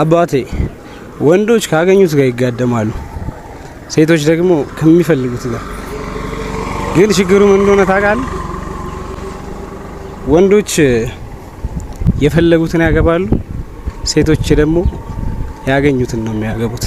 አባቴ ወንዶች ካገኙት ጋር ይጋደማሉ፣ ሴቶች ደግሞ ከሚፈልጉት ጋር። ግን ችግሩ ምን እንደሆነ ታውቃለህ? ወንዶች የፈለጉትን ያገባሉ፣ ሴቶች ደግሞ ያገኙትን ነው የሚያገቡት።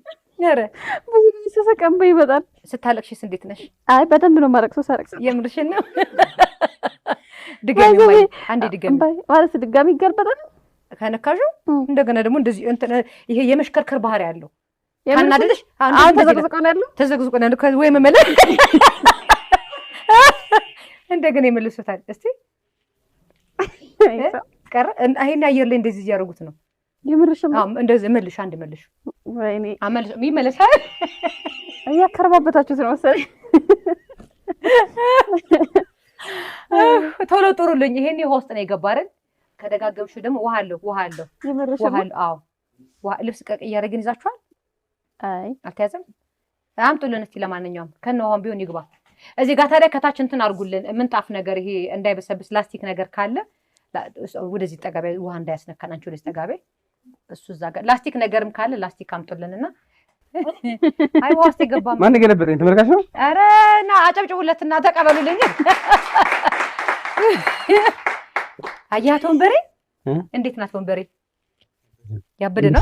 ኧረ ብዙ ጊዜ ስሰቀንበ ይመጣል። ስታለቅሽስ እንዴት ነሽ? አይ በደንብ ነው የማለቅሰው። ሳለቅስ የምርሽን ነው። ድጋሚ አንዴ ድጋሚ ማለት ድጋሚ ይገርበታል ከነካሹ እንደገና ደግሞ እንደዚህ ይሄ የመሽከርከር ባህሪ ያለው ካናደልሽ አሁን ተዘቅዝቆ ነው ያለው ተዘቅዝቆ ነው ያለው ወይ መመለስ እንደገና ይመልሱታል። እስቲ ቀረ ይሄን አየር ላይ እንደዚህ እያደረጉት ነው የምርሽም እንደዚህ መልሽ፣ አንድ መልሽ፣ ወይኔ አመልሽ፣ ይመለሻል። እያከረባበታችሁት ነው መሰለኝ። ቶሎ ጥሩልኝ። ይሄን ውሃ ውስጥ ነው የገባረን አይደል? ደግሞ ውሃ አለሁ፣ ውሃ አለሁ፣ ውሃ አዎ ልብስ ቀቅ እያደረግን ይዛችኋል። አይ አልተያዘም። አምጡልን እስኪ ለማንኛውም ከነ ውሃም ቢሆን ይግባ። እዚህ ጋር ታዲያ ከታች እንትን አድርጉልን፣ ምንጣፍ ነገር ይሄ እንዳይበሰብስ ላስቲክ ነገር ካለ ወደዚህ ጠጋቢ ውሃ እንዳያስነካን። አንቺ ወደዚህ ጠጋቢ እሱ እዛ ጋር ላስቲክ ነገርም ካለ ላስቲክ አምጡልን እና አይ ውስጥ የገባ ማን ገለበጠኝ? ተመልካች ነው። ኧረ ና አጨብጭቡለት እና ተቀበሉልኝ። አያት ወንበሬ እንዴት ናት? ወንበሬ ያበደ ነው።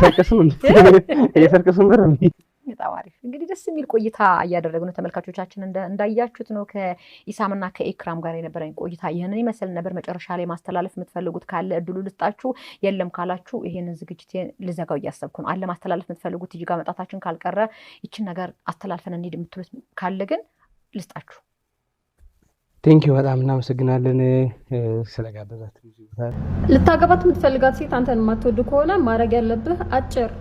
እየሰርከስ ወንበሬ በጣም አሪፍ እንግዲህ ደስ የሚል ቆይታ እያደረግ ነው። ተመልካቾቻችን እንዳያችሁት ነው ከኢሳምና ከኤክራም ጋር የነበረኝ ቆይታ ይህንን ይመስል ነበር። መጨረሻ ላይ ማስተላለፍ የምትፈልጉት ካለ እድሉ ልስጣችሁ። የለም ካላችሁ ይህንን ዝግጅት ልዘጋው እያሰብኩ ነው። አለ ማስተላለፍ የምትፈልጉት እጅጋ መጣታችን ካልቀረ ይችን ነገር አስተላልፈን እንሂድ የምትሉት ካለ ግን ልስጣችሁ። ቴንኪው በጣም እናመሰግናለን ስለጋበዛት። ልታገባት የምትፈልጋት ሴት አንተን የማትወድ ከሆነ ማድረግ ያለብህ አጭር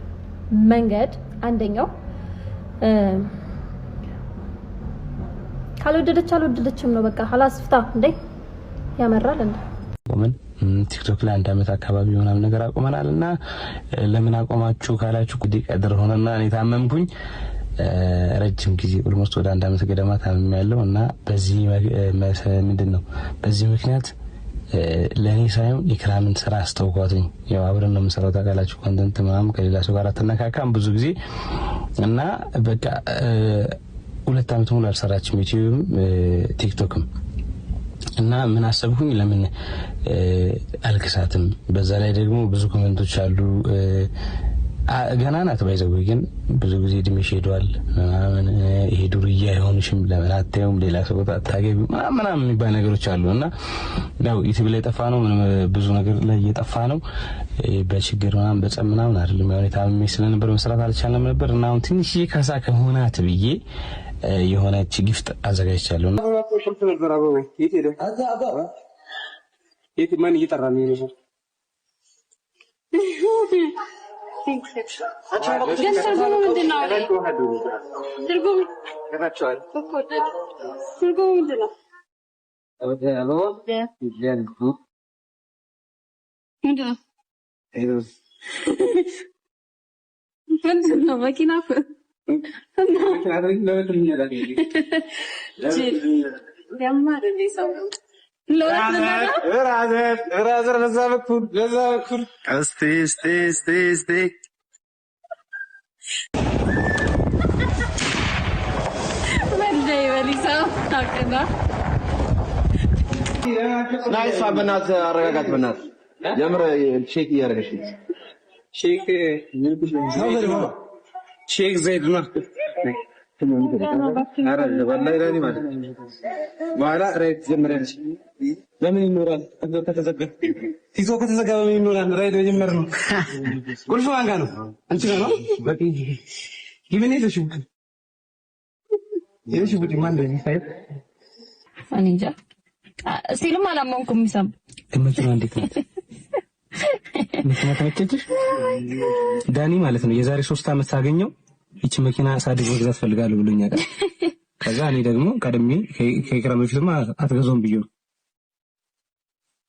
መንገድ አንደኛው ካልወደደች አልወደደችም ነው በቃ። ሀላስ እንዴ ያመራል እንዴ ቆመን ቲክቶክ ላይ አንድ አመት አካባቢ ምናምን ነገር አቁመናል። እና ለምን አቆማችሁ ካላችሁ ጉዲ ቀድር ሆነና እኔ ታመምኩኝ ረጅም ጊዜ ኦልሞስት ወደ አንድ አመት ገደማ ታምም ያለው እና በዚህ ምንድን ነው በዚህ ምክንያት ለእኔ ሳይሆን የክራምን ስራ አስተውኳትኝ። ያው አብረን ነው የምሰራው ታውቃላችሁ። ኮንተንት ምናምን ከሌላ ሰው ጋር አትነካካም ብዙ ጊዜ እና በቃ ሁለት አመት ሙሉ አልሰራችም ዩቲዩብም ቲክቶክም እና ምን አሰብኩኝ፣ ለምን አልክሳትም? በዛ ላይ ደግሞ ብዙ ኮመንቶች አሉ ገና ናት ባይዘው ግን ብዙ ጊዜ እድሜሽ ሄዷል ምናምን ይሄ ዱርዬ አይሆንሽም ለምን አታዩም ሌላ ሰው አታገቢ ምናምን የሚባል ነገሮች አሉ እና ያው ዩቲብ ላይ ጠፋ ነው ብዙ ነገር ላይ እየጠፋ ነው በችግር ምናምን በጸብ ምናምን አይደለም ያው ታምሜ ስለነበር መስራት አልቻለም ነበር እና አሁን ትንሽዬ ከሳ ከሆናት ብዬ የሆነች ጊፍት አዘጋጅቻለሁ ሄደ ማን እየጠራ ነው ነበር ትርጉሙ ምንድን ነው? ትርጉሙ ምንድን ነው? ምንድን መኪና ራዘር እስቲ እስቲ እስቲ እስቲ ናይስ በእናትህ አረጋጋት። በእናትህ የምር ቼክ እያደረገች ቼክ ዘይድ ነው። ለምን ይኖራል? ከተዘጋ ቲቶ ከተዘጋ በምን ይኖራል? ራይድ መጀመር ነው። ቁልፍ ማን ነው? አንቺ ነው ነው። በቂ ይዘሽ ለሽ ይዘሽ ቡዲ ማን ነው የሚሳይት? እኔ እንጃ ሲልም አላመንኩም። የሚሳም ግምቱ ነው። እንዴት ነው መኪና ተመቸችሽ? ዳኒ ማለት ነው የዛሬ ሶስት አመት ሳገኘው ይቺ መኪና ሳድግ መግዛት ፈልጋለሁ ብሎኛል። ከዛ እኔ ደግሞ ቀድሜ ከኢክራም በፊትማ አትገዛውም ብዬ ነው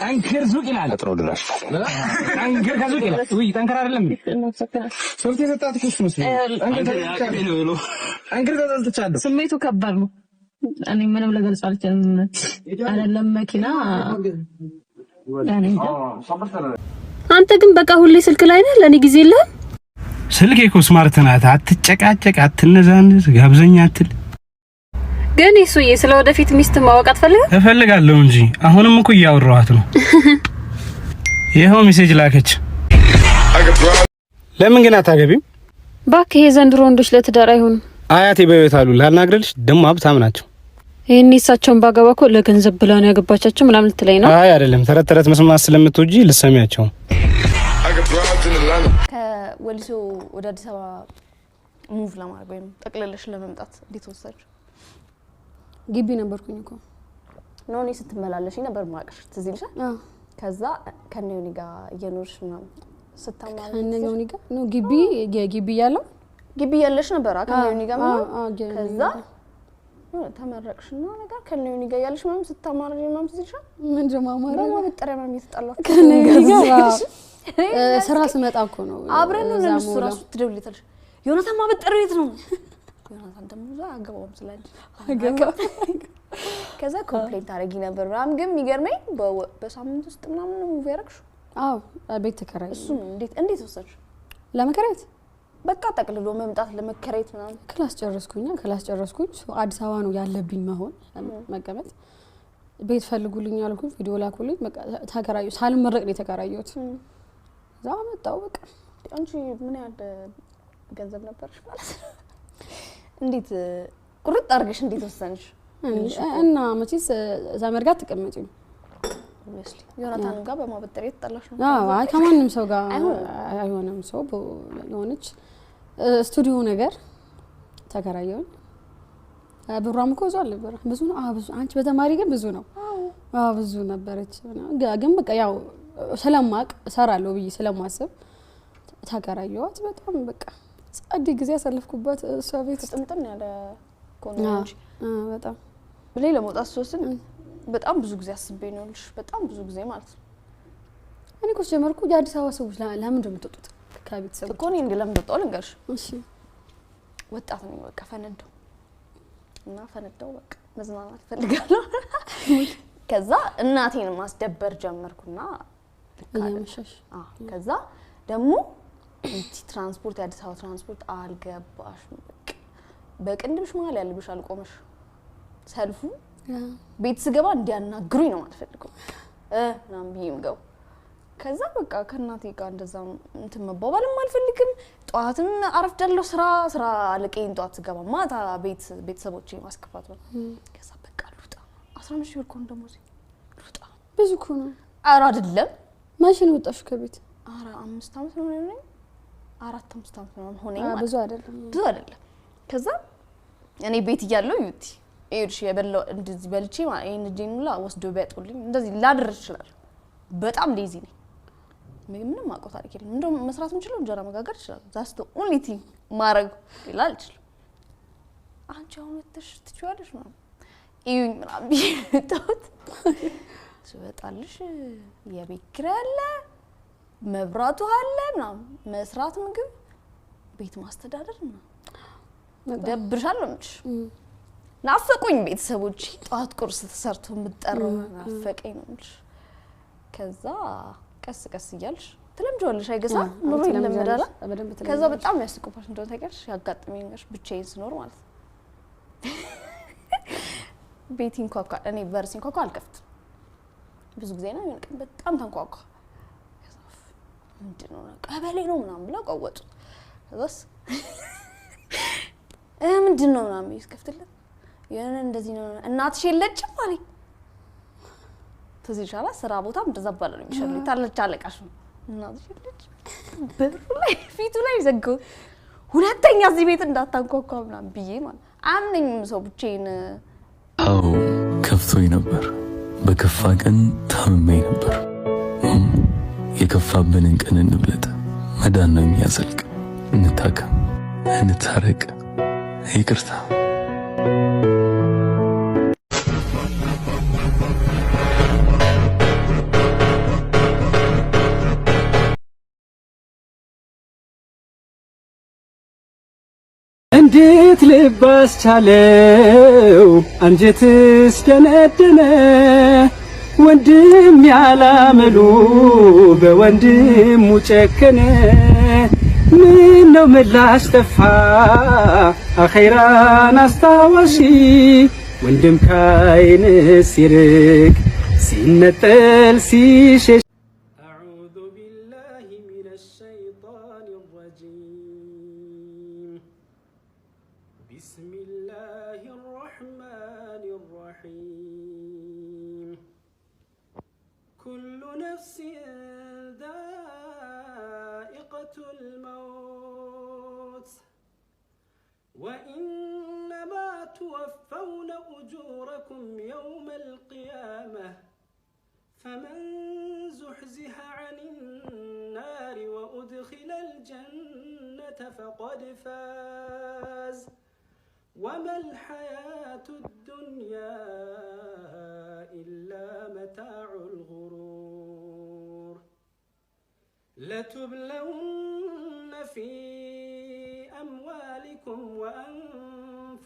ጠንክር ዙቅ ይላል። ጥሮ ድራሽ ጠንክር ከዙቅ ይላል። ውይ ጠንክር አይደለም ሶፍት የሰጣት እኮ እሱ መስሎኝ ጠንክር ተጠልጥቻለሁ። ስሜቱ ከባድ ነው። እኔ ምንም ልገልጽ አልችልም። አይደለም መኪና አንተ ግን በቃ ሁሌ ስልክ ላይ ነህ፣ ለእኔ ጊዜ የለህም። ስልክ እኮ ስማርት ናት። አትጨቃጨቅ፣ አትነዛንዝ፣ ጋብዘኛ አትል ግን እሱዬ ስለ ወደፊት ሚስት ማወቅ አትፈልግም? እፈልጋለሁ እንጂ አሁንም እኮ እያወራኋት ነው። ይኸው ሜሴጅ ላከች። ለምን ግን አታገቢም? እባክህ የዘንድሮ ወንዶች ለትዳር አይሆኑም። አያቴ በቤት አሉ ላልናግረልሽ፣ ደግሞ ሀብታም ናቸው። ይህን እሳቸውን ባገባ እኮ ለገንዘብ ብላ ነው ያገባቻቸው ምናምን ልትለኝ ነው? አይ አይደለም፣ ተረት ተረት መስማት ስለምትወጂ ልሰሚያቸው። ከወሊሶ ወደ አዲስ አበባ ሙቭ ለማድረግ ወይም ጠቅልለሽ ለመምጣት እንዴት ወሰናችሁ? ግቢ ነበርኩኝ እኮ ነው እኔ ስትመላለሽ ነበር ማቅሽ ትዝ ይልሻል። ከዛ ከነዮኒ ጋር እየኖርሽ ምናምን ስታማሪ ከነዮኒ ጋር ግቢ የግቢ እያለሁ ግቢ እያለሽ ነበር ከነዮኒ ጋር ምናምን ከዛ ተመረቅሽ እና ነገር ከነዮኒ ጋር እያለሽ ምናምን ስታማሪ ምናምን ትዝ ይልሻል። ምን ነው መጠሪያ ምናምን ጋር ስራ ስመጣ እኮ ነው አብረን ነው ለሱ ራሱ ትደውልለታለሽ የሆነ ታማ በጠረው ነው ዮናታን ደግሞ ብዙ ከዛ ኮምፕሌንት አረጊ ነበር ምናምን። ግን የሚገርመኝ በሳምንት ውስጥ ምናምን ሙቪ አዎ ቤት ተከራይ። እሱን እንዴት እንዴት ወሰድሽ? ለመከራየት በቃ ጠቅልሎ መምጣት ለመከራየት ምናምን። ክላስ ጨረስኩኝ፣ ክላስ ጨረስኩኝ። አዲስ አበባ ነው ያለብኝ መሆን መቀመጥ። ቤት ፈልጉልኝ አልኩኝ፣ ቪዲዮ ላኩልኝ። ተከራዩ ሳልመረቅ ነው የተከራየሁት። እዛ መጣሁ በቃ። አንቺ ምን ያህል ገንዘብ ነበርሽ ማለት ነው? እንዴት ቁርጥ አድርገሽ እንዴት ወሰንሽ? እና መቼስ ዘመድ ጋር ትቀመጪ ዮናታን ጋር በማበጠር ነው? አይ ከማንም ሰው ጋር አይሆነም ሰው የሆነች ስቱዲዮ ነገር ተከራየውን ብሯም እኮ ብዙ አልነበረ። ብዙ ነው አንቺ በተማሪ ግን ብዙ ነው ብዙ ነበረች። ግን በቃ ያው ስለማቅ እሰራለሁ ብዬ ስለማስብ ተከራየዋት። በጣም በቃ ጸዴ ጊዜ ያሳለፍኩባት እሷ ቤት ጥምጥም ያለ ኮንጂ በጣም ብሌ ለመውጣት ስወስን በጣም ብዙ ጊዜ አስቤ ነው ልሽ በጣም ብዙ ጊዜ ማለት ነው። እኔ እኮ ስጀመርኩ የአዲስ አበባ ሰዎች ለምን እንደምትወጡት ከቤተሰብ እኮ እኔ እንዲ ለምን ወጣሁ ልንገርሽ። ወጣት ነኝ በቃ ፈነደው እና ፈነደው በቃ መዝናናት ፈልጋለሁ። ከዛ እናቴን ማስደበር ጀመርኩና ከዛ ደግሞ ትራንስፖርት የአዲስ አበባ ትራንስፖርት አልገባሽ በቅንድብሽ መሀል ያለብሽ አልቆመሽ ሰልፉ ቤት ስገባ እንዲያናግሩኝ ነው የማትፈልገው ምናምን ብዬ የምገባው። ከዛ በቃ ከእናቴ ጋር እንደዛ እንትን መባባልም አልፈልግም። ጠዋትም አረፍዳለሁ ስራ ስራ አለቀኝ ጠዋት ስገባ ማታ ቤት ቤተሰቦች ማስከፋት ነው። ከዛ በቃ ልውጣ አስራ አምስት ሺህ ብር ከሆነ ደግሞ ልውጣ ብዙ ከሆነ ኧረ አይደለም መቼ ነው ወጣሽ ከቤት? ኧረ አምስት ዓመት ነው አራት አምስት ዓመት ምናምን ሆነኝ ብዙ አይደለም ብዙ አይደለም። ከዛ እኔ ቤት እያለሁ ዩቲ ይኸውልሽ የበላው እንደዚህ በልቼ ይሄን እጄን ሁላ ወስዶ ቢያጡልኝ እንደዚህ ላድር ይችላል በጣም ሌዚ ነኝ። ምንም አውቀው ታሪክ የለም። እንደውም መስራት የምችለው እንጀራ መጋገር እችላለሁ። ዛስቶ ኦንሊ ቲንግ ማድረግ ሌላ አልችልም። አንቺ አሁን ወጥተሽ ትችያለሽ ምናምን እዩኝ ምናምን ብዬ መጣሁት ስወጣልሽ የቤት ኪራይ አለ መብራቱ አለ ምናምን መስራት፣ ምግብ፣ ቤት ማስተዳደር ምናምን ደብርሻል እንጂ የምልሽ። ናፈቁኝ ቤተሰቦች ጠዋት ቁርስ ተሰርቶ የምትጠራው ናፈቀኝ ነው የምልሽ። ከዛ ቀስ ቀስ እያልሽ ትለምጂዋለሽ። አይገሳ ኑሮ ይለምዳል። ከዛ በጣም ያስቆፋሽ እንደሆነ ታውቂያለሽ። ያጋጥመኝ ብቻዬን ስኖር ማለት ነው። ቤት ይንኳኳል፣ እኔ በር ሲንኳኳ አልከፍትም ብዙ ጊዜ ነው። የሆነ ቀን በጣም ተንኳኳ ምንድን ነው ቀበሌ ነው ምናምን ብለው ቀወጡ። ከዛስ ምንድን ነው ምናምን ስከፍትለት የሆነ እንደዚህ ነው እናትሽ የለችም አለኝ። ትዝ ይሻላል ስራ ቦታ እንደዛ ባለ ነው የሚሻል ታለች አለቃሽ ነው እናትሽ የለችም በሩ ላይ ፊቱ ላይ ዘገው ሁለተኛ እዚህ ቤት እንዳታንኳኳ ምናምን ብዬ ማለት አምነኝም ሰው ብቻዬን። አዎ ከፍቶኝ ነበር። በከፋ ቀን ታምሜ ነበር። የከፋብንን ቀን እንብለጥ። መዳን ነው የሚያዘልቅ። እንታከም፣ እንታረቅ፣ ይቅርታ እንዴት ልባስ ቻለው አንጀትስ ደነደነ ወንድም ያላመሉ በወንድሙ ጨከነ። ምን ነው ምላሽ ጠፋ አኼራን አስታዋሺ ወንድም ካይንስ ሲርቅ ሲነጠል ሲሸሽ تتوفون أجوركم يوم القيامة فمن زحزح عن النار وأدخل الجنة فقد فاز وما الحياة الدنيا إلا متاع الغرور لتبلون في أموالكم وأنفسكم